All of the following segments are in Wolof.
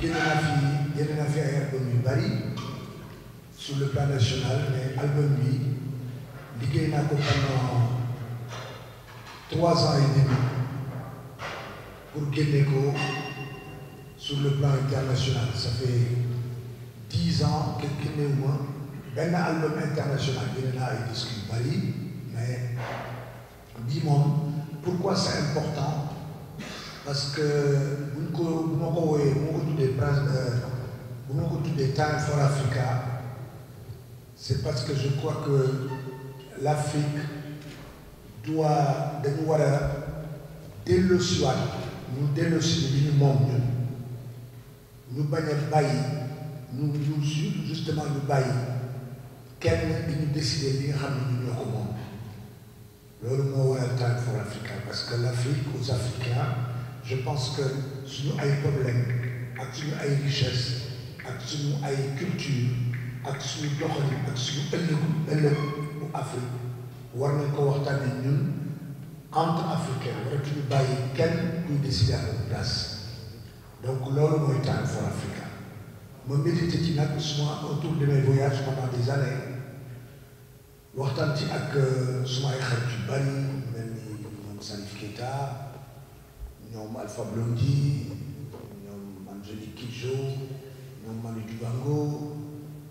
génn naa fi génn naa fi le plan national mais album bi liggéey naa trois ans et demi pour génne ko sur le plan international ça fait dix ans que génnewuma benn album international génne naa ay disques bari mais bii moom pourquoi c'est important parce que buñ ko bu ma ko bu ma ko tuddee bu ma ko tuddee Time for Africa c'est parce que je crois que l'Afrique doit dañu war a delloosiwaat ñu delloosi li ñu moom ñun ñu bañ a bàyyi ñu ñu su justement ñu bàyyi kenn di ñu décider li nga xam ne ñu ñoo ko moom loolu moo waral Time for Africa parce que l'Afrique aux Africains je pense que suñu ay problème ak suñu ay richesse ak suñu ay culture ak suñu doxalin ak suñu ëllëgu ëllëg bu Afrique war nañ ko waxtaanee ñun entre africain waratuñu bàyyi kenn kuy décider à notre place donc loolu mooy Time for Africa ma médité ci nag souvent autour de mes voyages pendant des années waxtaan ci ak e ay xarit yu bari mel ni ñoom Salif Keita ñoom Alpha Blondy ñoom Angélique Kidjo ñoom Manu Dibango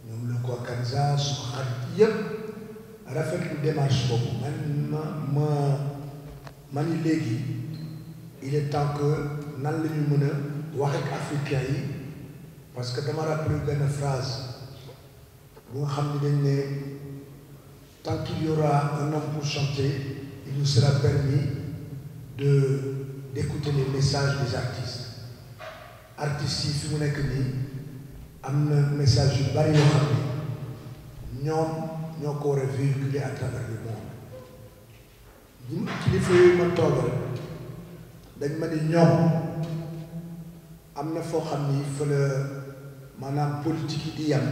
ñoom Loco Akanza su xarit yëpp rafetlu démarche boobu man ma ma ma ni léegi il est temps nan la ñu mën a wax yi parce que dama rappelé benn phrase bu nga xam ne dañ ne tant un homme pour chanter il nous sera permis de d'écouter les messages des artistes artistes yi fi mu nekk nii am na message yu bari yoo xam ñoom ñoo ko war a véhiculer à travers le monde ñun kilifa yooyu ma toogal dañ ma ni ñoom am na foo xam ni fa maanaam politique yi di yam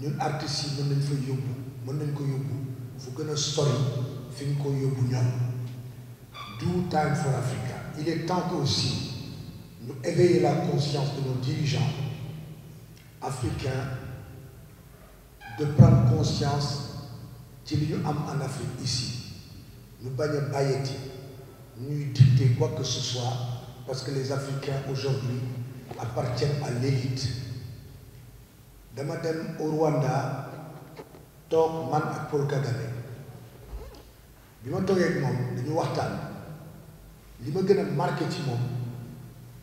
ñun artistes yi mën nañ fa yóbbu mën nañ ko yóbbu fu gën a sori fi ñu ko yóbbu ñoom do time for Africa. Il est temps que aussi nous éveillions la conscience de nos dirigeants africains de prendre conscience ci li ñu am en Afrique ici ñu bañ a bàyyeti ñuy dicter quoi que ce soit parce que les Africains aujourd'hui appartiennent à l'élite dama dem au Rwanda toog man ak Paul bi ma toogee moom dañu waxtaan li ma gën a marqué ci moom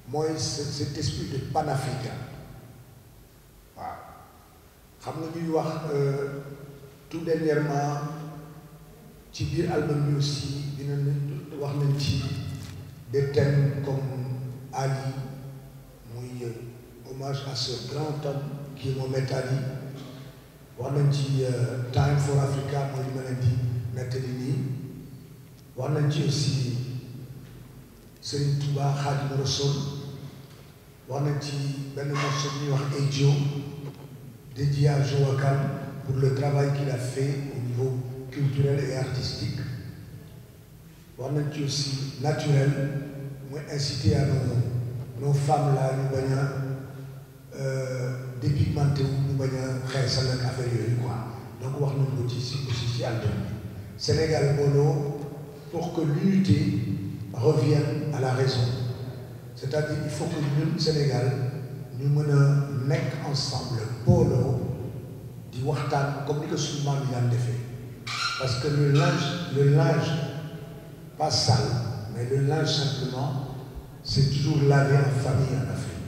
mooy cet esprit de panafricain waaw xam nga ñuy wax euh, tout dernièrement ci biir album bi aussi dina wax nañ ci des thèmes comme Ali muy euh, hommage à grand wax nañ ci euh, Time for Africa mooy li ma leen di nettali nii wax nañ ci aussi Sëriñ Tuubaa Xaadimu Rasuul wax nañ ci benn morceau ñuy wax ay Dio dédié à Joe Wakam pour le travail qu'il a fait au niveau culturel et artistique wax ci aussi naturel mooy inciter à nos nos femmes là ñu bañ a euh, dépigmenté wu ñu bañ a xeesal ak affaire yooyu quoi donc wax nañ ko ci si aussi ci album bi Sénégal booloo pour que l'unité reviennent à la raison c'est-à-dire il faut que ñun Sénégal ñu mën a nekk ensemble booloo di waxtaan comme ni ko suñu maam yi daan defee parce que le linge le linge pas sale mais le linge simplement c'est toujours lavé en famille en Afrique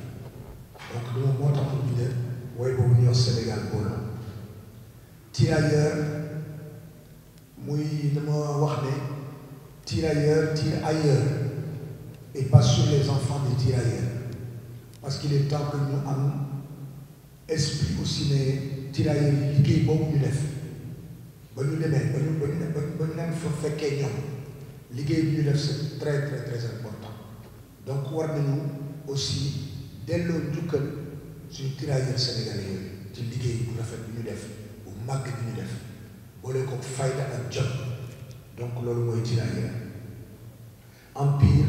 donc loolu moo tax ñu ne waaye boobu ñuy wax Sénégal booloo tirailleur muy dama tirailleurs tirent ailleurs et pas sur les enfants des tirailleurs parce qu'il est que ñu am esprit aussi ne tirailleurs liggéey boobu ñu def ba ñu demee ba ñu ba ñu ba ñu leen fa fekkee ñoom liggéey bi ñu def c'est très très donc war nañu aussi delloo njukkal suñu yooyu ci liggéey bu rafet bi ñu def bu màgg bi ñu def boole ko fayda ak jot donc loolu mooy tirailleurs Empire,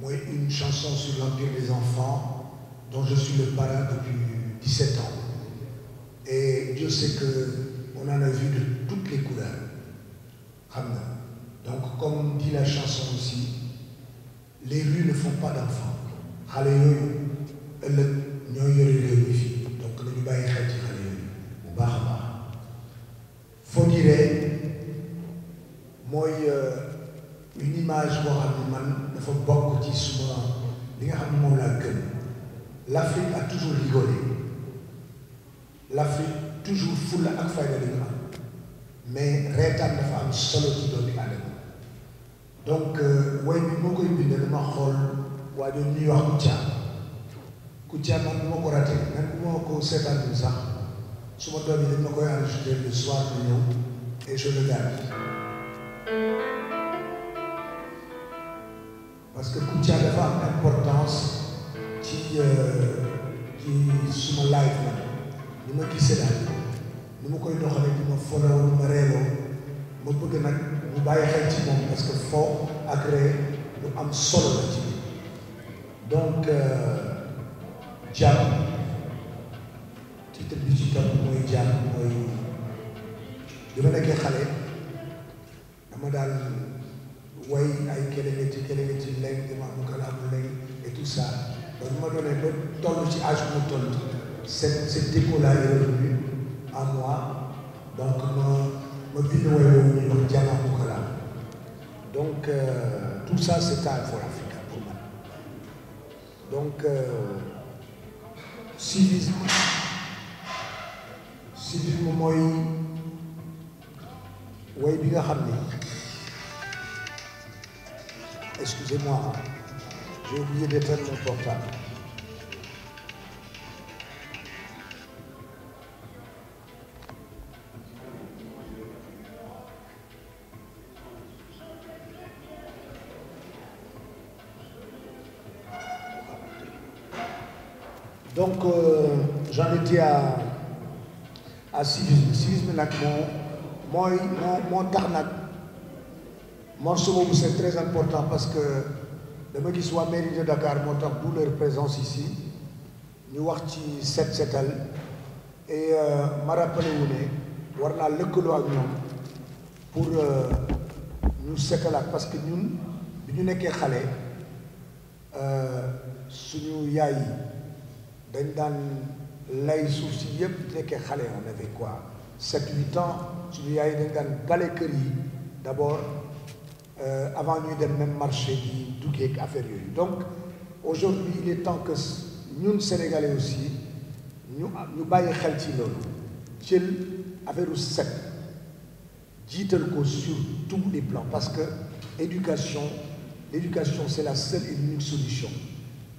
moi, une chanson sur l'Empire des enfants, dont je suis le parrain depuis 17 ans. Et Dieu sait qu'on en a vu de toutes les couleurs. Donc, comme dit la chanson aussi, les rues ne font pas d'enfants. l'Afrique a toujours rigolé l'Afrique toujours fulla ak fayda li ñu am mais reetaan dafa am solo ci doomi Adama donc euh, way bi moo koy bindee dama xool waa ñoom ñuy wax Kouthia Kouthia man bu ma ko raté man bu ma ko seetaan bi sax su ma doom yi dañ ma koy enregistré le soir bi ñëw et je le garde parce que Kouthia dafa am importance ci ci suma live man ni ma gisee daal ni ma koy doxalee di ma foloo ma reeloo ma bëgg nag mu bàyyi xel ci moom parce que foo ak ree lu am solo la ci donc euh, jàmm titre bi ci topp mooy jàmm mooy bi ma nekkee xale dama daal way ay kelengeti kelengeti leng dama am kalaam leng et tout ça ba bu ma doonee ba toll ci âge bu ma moi donc ma ma bind woy woowu ñu wax Diana Boucala tout ça c'est art for Africa pour man donc euh, way bi nga xam ni excusez J'ai oublié d'éteindre mon portable. Donc, euh, j'en étais à, à civisme. Civisme nag moo mooy moo moo tax nag morceau boobu c'est très important parce que dama gis waa mairie Dakar moo tax d'où leur présence ici ñu wax ci set setal et euh, ma ne war naa lëkkaloo ak ñoom pour euh, ñu setalaat parce que ñun bi ñu nekkee xale euh, suñu yaay yi dañ daan lay suuf si yëpp nekkee xale on avait quoi sept huit ans suñu yaay yi daan bale kër yi d'abord Euh, avant ñuy dem même marché di duggee ak affaire yooyu donc aujourd'hui il est temps que ñun sénégalais aussi ñu ñu bàyyi xel ci affaire set jiital ko sur tous les plans parce que éducation l'éducation c'est la seule et unique solution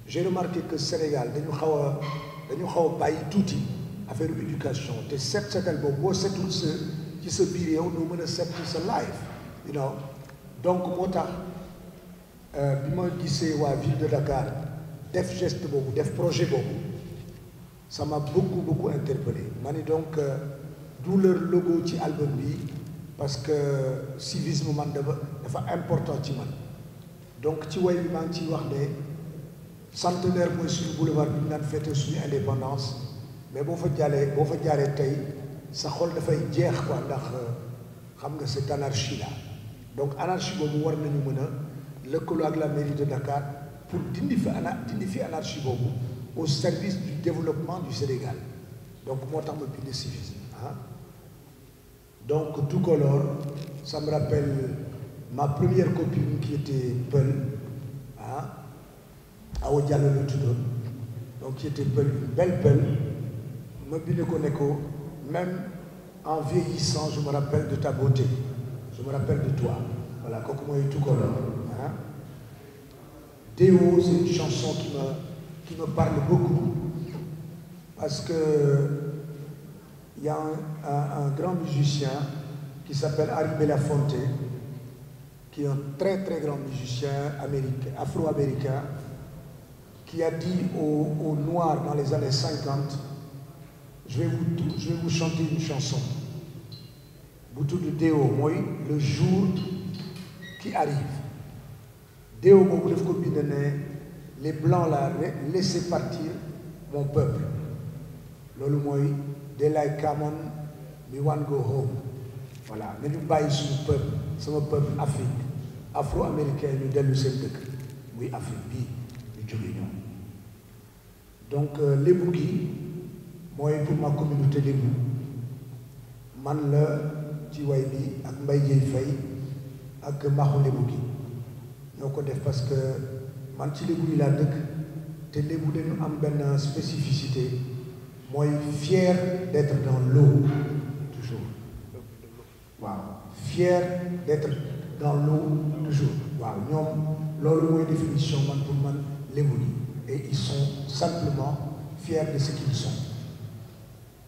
j'ai remarqué que Sénégal dañu xaw a dañu xaw a bàyyi tuuti affaire éducation te set setal boobu boo setul ci sa yow doo mën a set life donc moo tax euh, bi ma gisee waa ville de Dakar def geste boobu def projet boobu ça m'a beaucoup beaucoup interpellé ma ni donc euh, d'où leur logo ci album bi parce que civisme man dafa dafa important ci man donc ci way bi maa ngi ciy wax ne centenaire mooy suñu boulevard bi ñu naan fête suñu indépendance mais boo fa jaalee boo fa jaaree tey sa xol dafay jeex quoi ndax euh, xam nga si anarchie là donc anarchie boobu war nañu mën a lëkkaloo ak la mairie de Dakar pour dindi fi ana dindi fi anarchie boobu au service du développement du Sénégal donc moo tax ma bind civisme ah donc Toucolor ça me rappelle ma première copine qui était Peul ah Awa Diallo la tuddoon donc qui était Peul une belle Peul ma bind ko ne ko même en vieillissant je me rappelle de ta beauté je me rappelle de toi voilà kooku mooy Toucouleur ah Déo c'est une chanson qui me parle beaucoup parce que il y a un, grand musicien qui s'appelle Harry Belafonte qui est un très très grand musicien afro-américain qui a dit aux, aux dans les années je vais vous chanter une chanson bu tudd déo mooy le jour qui arrive déo boobu daf ko bind ne les blancs là laissez partir mon peuple loolu mooy daylight come on we want go home voilà nañu bàyyi suñu peuple sama peuple Afrique afro-américain ñu dellu seen dëkk muy Afrique bii ñu jóge ñoom donc euh, lébu gi mooy pour ma communauté lébu man la ci way bi ak Mbaye Dièye Faye ak Maxu Lébu gi ñoo ko def parce que man ci Lébu yi laa dëkk te Lébu dañu am benn spécificité mooy fier d'être dans l'eau toujours waaw fier d'être dans l'eau toujours waaw ñoom loolu mooy définition man pour man Lébu yi et ils sont de ce qu'ils sont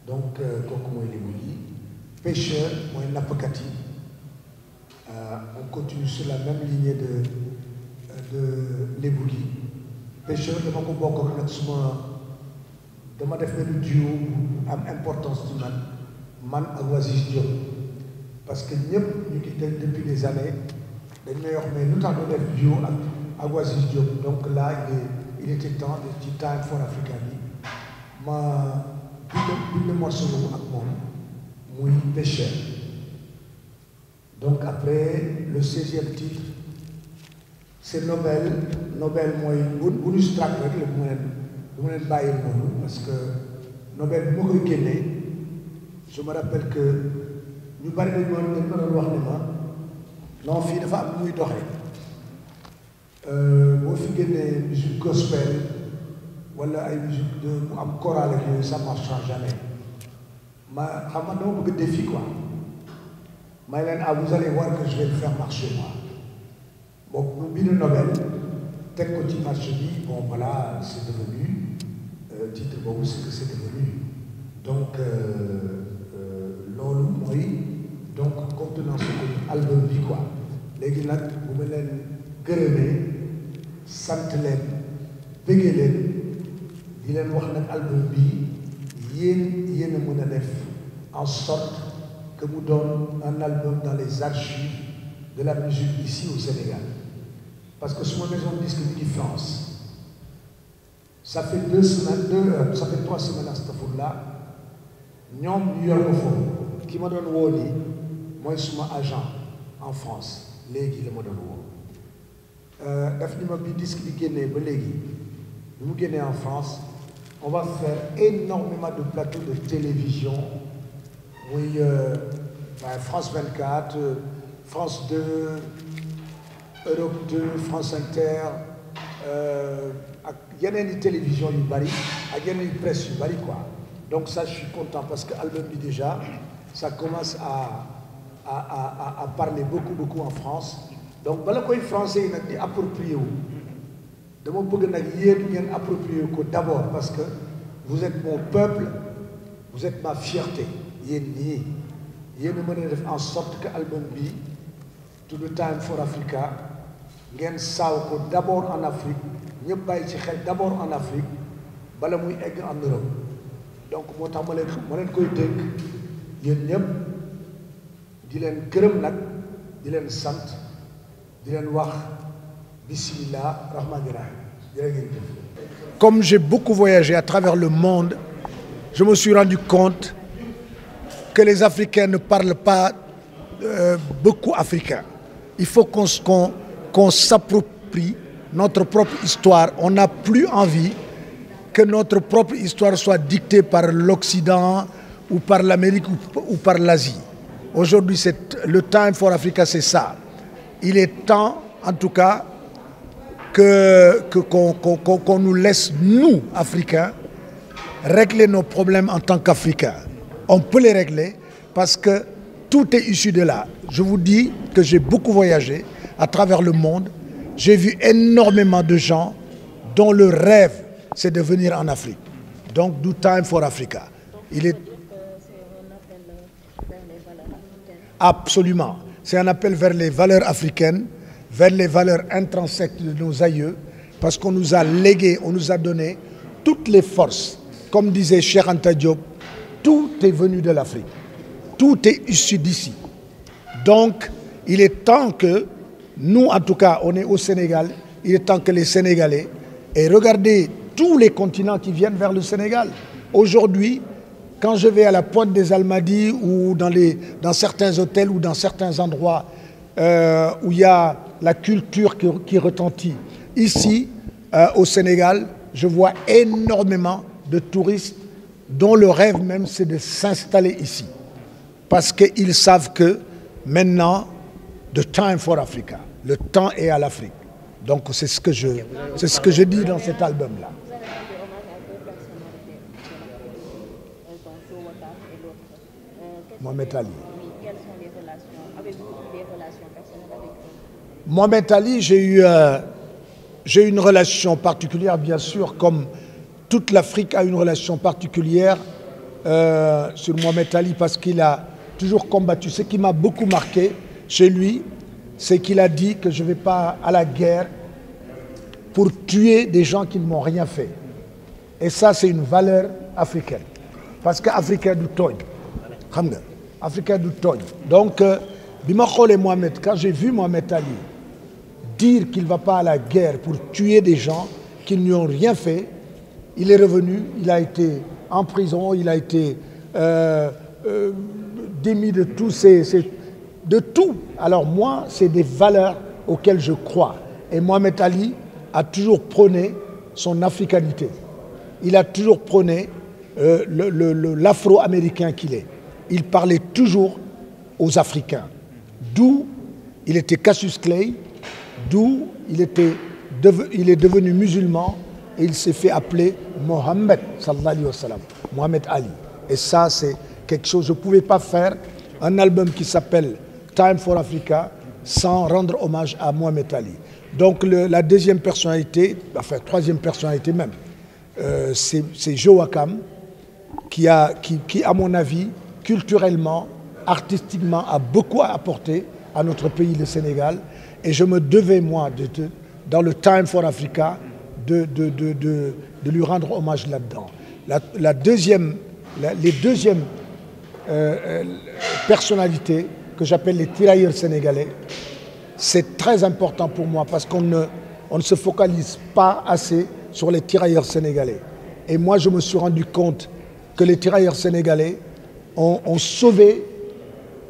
donc euh, kooku mooy Lébu pêcheurs mooy nappkat yi euh, on continue sur la même lignée de de Lébu gi pêcheurs dama ko bokk nag suma dama def benn duo am importance ci man man ak Wasis Diop parce que ñëpp ñu ngi depuis des années dañ may wax mais lu tax ñu def duo ak ak Wasis Diop donc là il est il était temps de ci Time for Africa bi ma bind bind morceau ak moom. muy péché donc après le seizième titre c'est Nobel Nobel mooy bu bu ñu strac rek la bu ma leen bu ma leen bàyyi noonu parce que Nobel bu ma koy génnee je me rappelle que ñu bari dañ ma dañ ma doon wax ne ma non fii dafa am muy doxee euh, boo fi génnee musique gospel wala ay musique de mu am chorale ak yooyu ça marchera jamais ma xam nga dama bëgg défi quoi may leen ah vous allez voir que je vais le moi bon mu bind Nobel teg ko ci marché bi bon voilà c' est devenu euh, boobu c' est que c' donc euh, euh, loolu mooy donc contenance ko album bi quoi léegi nag bu ma leen gërëmee sant leen bëggee leen di leen wax nag album bi yéen yéen a a def en sorte que mu doon un album dans les archives de la musique ici au Sénégal parce que suma maison de disque bi di France ça fait deux semaines deux euh, ça fait trois semaines astafurlah ñoom ñu yor ma foofu ki ma doon woo nii mooy suma agent en France léegi la ma doon woo euh, daf ni ma bi génnee ba léegi bi mu génnee en France on va faire énormément de plateaux de télévision muy waaye euh, France 24 euh, France 2 Europe 2 France Inter euh, ak yeneen télévision yu bëri ak yeneen i presse yu bëri quoi donc ça je suis content parce que album bi déjà ça commence à à à à parler beaucoup beaucoup en France donc bala koy français yi nag di approprier wu dama bëgg nag yéen ngeen approprier ko d'abord parce que vous êtes mon peuple vous êtes ma fierté. yéen ñii yéen mën a def en sorte que bi bii tudd Time for Africa ngeen saaw ko d'abord en Afrique ñëpp bàyyi ci xel d'abord en Afrique bala muy egg en Europe donc moo tax ma leen ma leen koy dénk yéen ñëpp di leen gërëm nag di leen sant di leen wax bismillah rahmaani rahim jërë ngeen jëf. Comme j'ai beaucoup voyagé à travers le monde, je me suis rendu compte que les Africains ne parlent pas euh, beaucoup africain. Il faut qu'on qu qu s'approprie notre propre histoire. On n'a plus envie que notre propre histoire soit dictée par l'Occident ou par l'Amérique ou, ou, par l'Asie. Aujourd'hui, le Time for Africa, c'est ça. Il est temps, en tout cas, qu'on que, qu nous laisse, nous, Africains, régler nos problèmes en tant qu'Africains. on peut les régler parce que tout est issu de là. Je vous dis que j'ai beaucoup voyagé à travers le monde. J'ai vu énormément de gens dont le rêve, c'est de venir en Afrique. Donc, do time for Africa. Il est... Absolument. C'est un appel vers les valeurs africaines, vers les valeurs intrinsèques de nos aïeux, parce qu'on nous a légué, on nous a donné toutes les forces. Comme disait Cheikh Diop, tout est venu de l'Afrique. Tout est issu d'ici. Donc, il est temps que, nous en tout cas, on est au Sénégal, il est temps que les Sénégalais, et regardez tous les continents qui viennent vers le Sénégal. Aujourd'hui, quand je vais à la pointe des Almadies ou dans, les, dans certains hôtels ou dans certains endroits euh, où il y a la culture qui, qui retentit, ici, euh, au Sénégal, je vois énormément de touristes dont le rêve même, c'est de s'installer ici. Parce qu'ils savent que maintenant, de time for Africa, le temps est à l'Afrique. Donc c'est ce que je, c'est ce que je dis dans cet album-là. Mohamed Ali. Euh, j'ai eu, une relation particulière, bien sûr, comme toute l'Afrique a une relation particulière euh, sur Mohamed Ali parce qu'il a toujours combattu. Ce qui m'a beaucoup marqué chez lui, c'est qu'il a dit que je ne vais pas à la guerre pour tuer des gens qui ne m'ont rien fait. Et ça, c'est une valeur africaine. Parce que Africain du Togne. Africain du Togne. Donc, euh, Bimakol et Mohamed, quand j'ai vu Mohamed Ali dire qu'il ne va pas à la guerre pour tuer des gens qui ne ont rien fait, Il est revenu, il a été en prison, il a été euh, euh, démis de tout, ces, ces, de tout. Alors moi, c'est des valeurs auxquelles je crois. Et Mohamed Ali a toujours prôné son africanité. Il a toujours prôné euh, l'afro-américain qu'il est. Il parlait toujours aux Africains. D'où il était Cassius Clay, d'où il, était, il est devenu musulman, il s'est fait appeler Mohammed sallallahu alayhi wa sallam, Mohamed Ali. Et ça, c'est quelque chose, je ne pouvais pas faire un album qui s'appelle Time for Africa sans rendre hommage à Mohamed Ali. Donc le, la deuxième personnalité, enfin troisième personnalité même, euh, c'est Joachim qui, a, qui, qui, à mon avis, culturellement, artistiquement, a beaucoup à apporter à notre pays, le Sénégal. Et je me devais, moi, de, de, dans le Time for Africa, de, de, de, de lui rendre hommage là-dedans. La, la, deuxième, la, les deuxièmes euh, euh, personnalités que j'appelle les tirailleurs sénégalais, c'est très important pour moi parce qu'on ne, on ne se focalise pas assez sur les tirailleurs sénégalais. Et je me suis rendu compte que les tirailleurs sénégalais ont, ont sauvé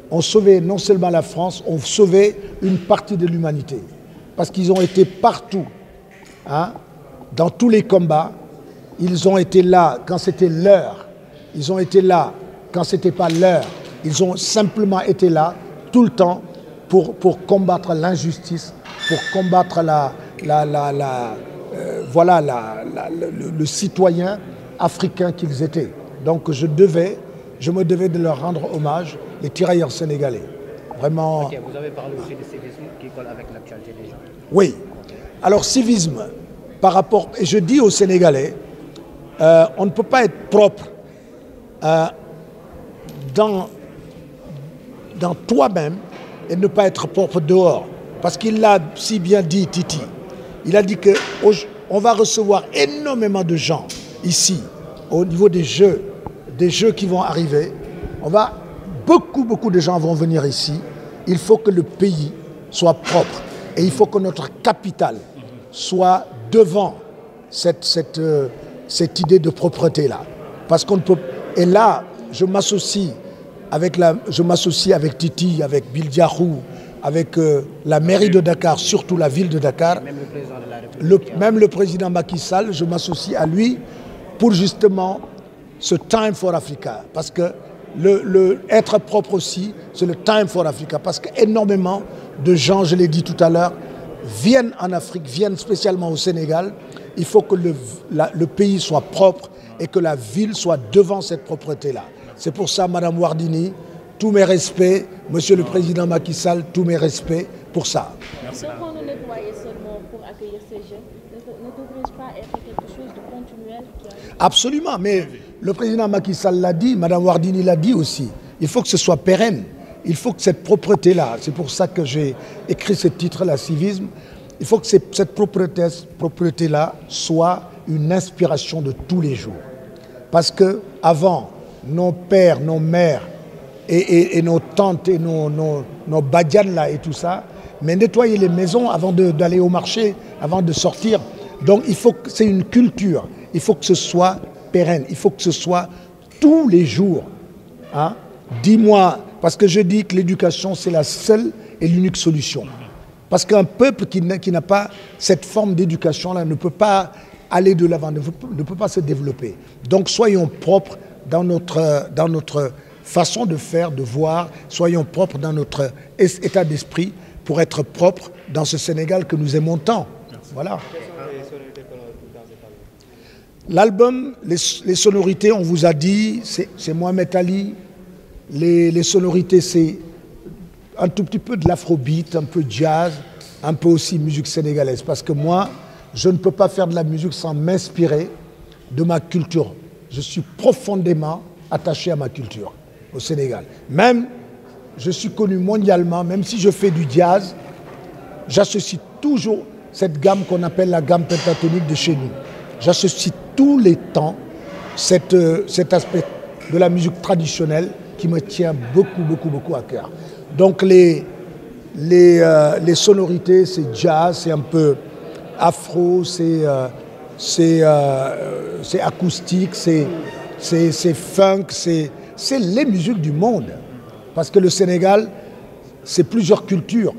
ont sauvé non seulement la France, ont sauvé une partie de l'humanité. Parce qu'ils ont été partout. dans tous les combats. Ils ont été là quand c'était l'heure. Ils ont été là quand ce n'était pas l'heure. Ils ont simplement été là tout le temps pour, pour combattre l'injustice, pour combattre la, la, la, la euh, le, citoyen africain qu'ils étaient. Donc je devais, de leur rendre hommage, les tirailleurs sénégalais. Oui. Alors civisme, par rapport, et je dis aux Sénégalais, euh, on ne peut pas être propre euh, dans, dans toi-même et ne pas être propre dehors. Parce qu'il l'a si bien dit, Titi. Il a dit qu'on va recevoir énormément de gens ici, au niveau des jeux, des jeux qui vont arriver. On va, beaucoup, beaucoup de gens vont venir ici. Il faut que le pays soit propre et il faut que notre capitale soit devant cette, cette, euh, cette idée de propreté-là. Parce qu'on peut... Et là, je m'associe avec, la, je m'associe avec Titi, avec Bill Diakhou, avec euh, la mairie de Dakar, surtout la ville de Dakar. Même le, président de la République, le, même le président Macky Sall, je m'associe à lui pour justement ce Time for Africa. Parce que le, le être propre aussi, c'est le Time for Africa. Parce qu'énormément de gens, je l'ai dit tout à l'heure, viennent en Afrique, viennent spécialement au Sénégal, il faut que le, pays soit propre et que la ville soit devant cette propreté-là. C'est pour ça, Madame Wardini, tous mes respects, Monsieur le Président Macky Sall, tous mes respects pour ça. Merci. Absolument, mais le président Macky Sall l'a dit, Madame Wardini l'a dit aussi, il faut que ce soit pérenne. Il faut que cette propreté-là, c'est pour ça que j'ai écrit ce titre, la civisme, il faut que cette propreté-là propreté soit une inspiration de tous les jours. Parce que avant, nos pères, nos mères et, et, et nos tantes et nos, nos, nos badianes là et tout ça, mais nettoyer les maisons avant d'aller au marché, avant de sortir. Donc il faut que c'est une culture, il faut que ce soit pérenne, il faut que ce soit tous les jours. Hein. Dis-moi Parce que je dis que l'éducation, c'est la seule et l'unique solution. Parce qu'un peuple qui n'a pas cette forme d'éducation-là ne peut pas aller de l'avant, Donc soyons propres dans façon de faire, de voir, soyons propres dans notre état d'esprit pour être propres dans ce Sénégal que nous aimons tant. L'album, les, sonorités, on vous a dit, c'est Mohamed Ali, Les, les sonorités, c'est un tout petit peu de l'afrobeat, un peu jazz, un peu aussi musique sénégalaise. Parce que moi, je ne peux pas faire de la musique sans m'inspirer de ma culture. Je suis profondément attaché à ma culture au Sénégal. Même, je suis connu mondialement, même si je fais du jazz, j'associe toujours cette gamme qu'on appelle la gamme pentatonique de chez nous. J'associe tous les temps cette, euh, cet aspect de la musique traditionnelle qui me tient beaucoup, beaucoup, beaucoup à cœur. Donc les, les, euh, les sonorités, c'est jazz, c'est un peu afro, c'est euh, euh, acoustique, c'est funk, c'est les musiques du monde. Parce que le Sénégal, c'est plusieurs cultures.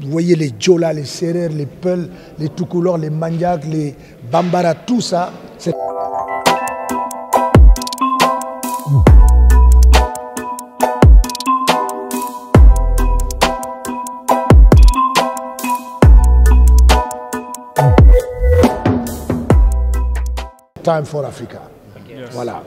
Vous voyez les Djola, les Serrer, les Peuls, les Toukoulors, les Maniacs, les Bambara, tout ça, time for Africa. Yes.